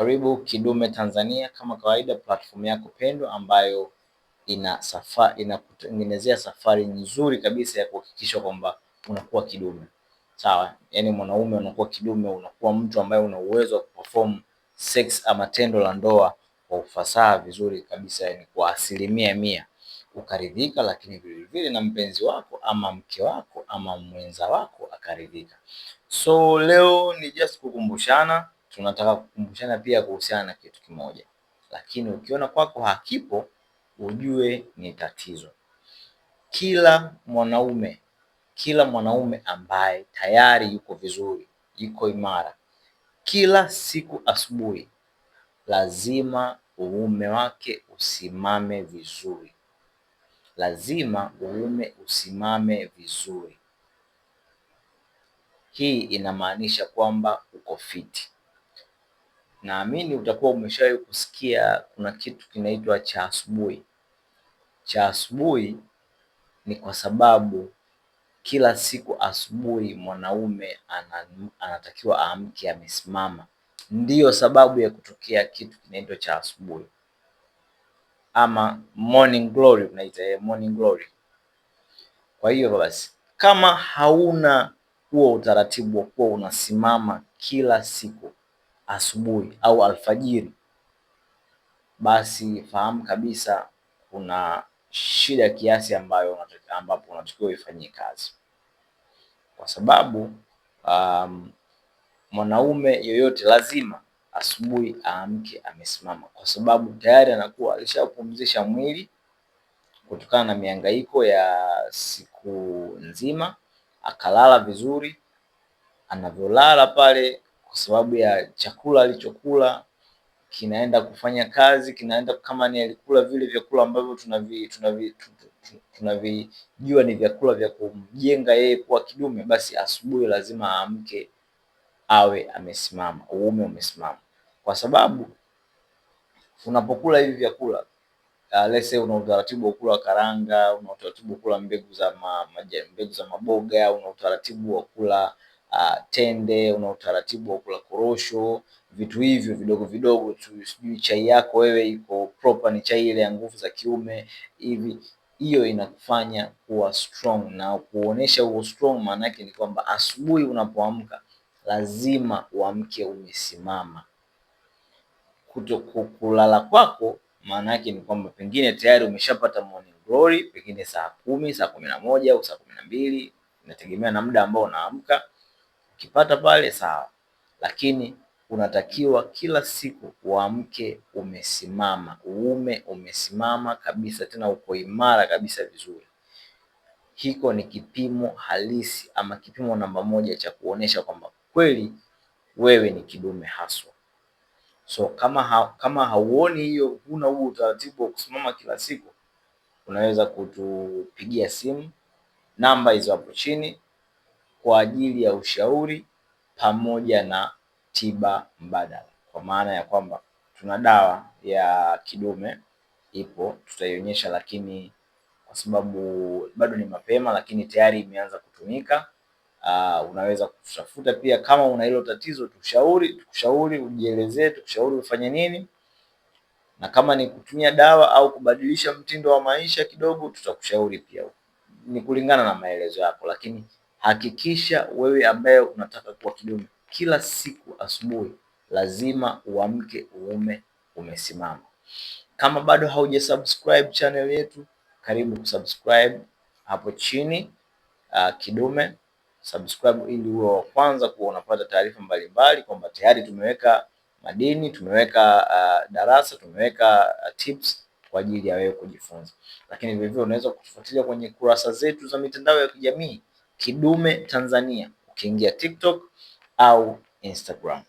Karibu Kidume Tanzania, kama kawaida, platform yako pendwa ambayo ina safa, inakutengenezea safari nzuri kabisa ya kuhakikisha kwamba unakuwa kidume. Sawa, yani mwanaume unakuwa kidume, unakuwa mtu ambaye una uwezo wa kuperform sex ama tendo la ndoa kwa ufasaha vizuri kabisa, yani kwa asilimia mia ukaridhika, lakini vilevile na mpenzi wako ama mke wako ama mwenza wako akaridhika. So leo ni just kukumbushana tunataka kukumbushana pia kuhusiana na kitu kimoja, lakini ukiona kwako hakipo ujue ni tatizo. Kila mwanaume kila mwanaume ambaye tayari yuko vizuri, yuko imara, kila siku asubuhi lazima uume wake usimame vizuri, lazima uume usimame vizuri. Hii inamaanisha kwamba uko fiti. Naamini utakuwa umeshawahi kusikia kuna kitu kinaitwa cha asubuhi. Cha asubuhi ni kwa sababu kila siku asubuhi mwanaume anatakiwa aamke amesimama, ndiyo sababu ya kutokea kitu kinaitwa cha asubuhi ama morning glory unaita eh, morning glory. Kwa hiyo basi, kama hauna huo utaratibu wa kuwa unasimama kila siku asubuhi au alfajiri, basi fahamu kabisa kuna shida kiasi ambayo ambapo unatakiwa ifanyie kazi, kwa sababu um, mwanaume yoyote lazima asubuhi aamke amesimama, kwa sababu tayari anakuwa alishapumzisha mwili kutokana na mihangaiko ya siku nzima, akalala vizuri. Anavyolala pale kwa sababu ya chakula alichokula kinaenda kufanya kazi, kinaenda kama ni alikula vile vyakula ambavyo tunavi, tunavi, tunavijua ni vyakula vya kumjenga yeye kuwa kidume, basi asubuhi lazima aamke awe amesimama, uume umesimama, kwa sababu unapokula hivi vyakula Uh, lese una utaratibu wa kula karanga, una utaratibu wa kula mbegu za ma, mbegu za maboga, una utaratibu wa kula uh, tende, una utaratibu wa kula korosho, vitu hivyo vidogo vidogo tu, sijui chai yako wewe iko proper, ni chai ile ya nguvu za kiume hivi hiyo inakufanya kuwa strong na kuonesha huo strong, maana yake ni kwamba asubuhi unapoamka lazima uamke umesimama. Kuto kulala kwako, maana yake ni kwamba pengine tayari umeshapata morning glory, pengine saa kumi, saa kumi na moja au saa kumi na mbili, inategemea na muda ambao unaamka. Ukipata pale sawa, lakini unatakiwa kila siku uamke umesimama, uume umesimama kabisa, tena uko imara kabisa vizuri. Hiko ni kipimo halisi ama kipimo namba moja cha kuonesha kwamba kweli wewe ni kidume haswa. So kama, ha, kama hauoni hiyo, huna huo utaratibu wa kusimama kila siku, unaweza kutupigia simu, namba hizo hapo chini kwa ajili ya ushauri pamoja na tiba mbadala, kwa maana ya kwamba tuna dawa ya kidume ipo, tutaionyesha, lakini kwa sababu bado ni mapema, lakini tayari imeanza kutumika. Uh, unaweza kutafuta pia kama una hilo tatizo, tushauri tukushauri ujielezee, tukushauri ufanye nini, na kama ni kutumia dawa au kubadilisha mtindo wa maisha kidogo, tutakushauri pia, ni kulingana na maelezo yako, lakini Hakikisha wewe ambaye unataka kuwa kidume, kila siku asubuhi lazima uamke uume umesimama. Kama bado subscribe channel yetu, karibu kusubscribe hapo chini uh, kidume subscribe ili uwe wa kwanza kuwa unapata taarifa mbalimbali, kwamba tayari tumeweka madini, tumeweka uh, darasa, tumeweka uh, tips kwa ajili ya wewe kujifunza. Lakini vilevile unaweza kutufuatilia kwenye kurasa zetu za mitandao ya kijamii Kidume Tanzania ukiingia TikTok au Instagram.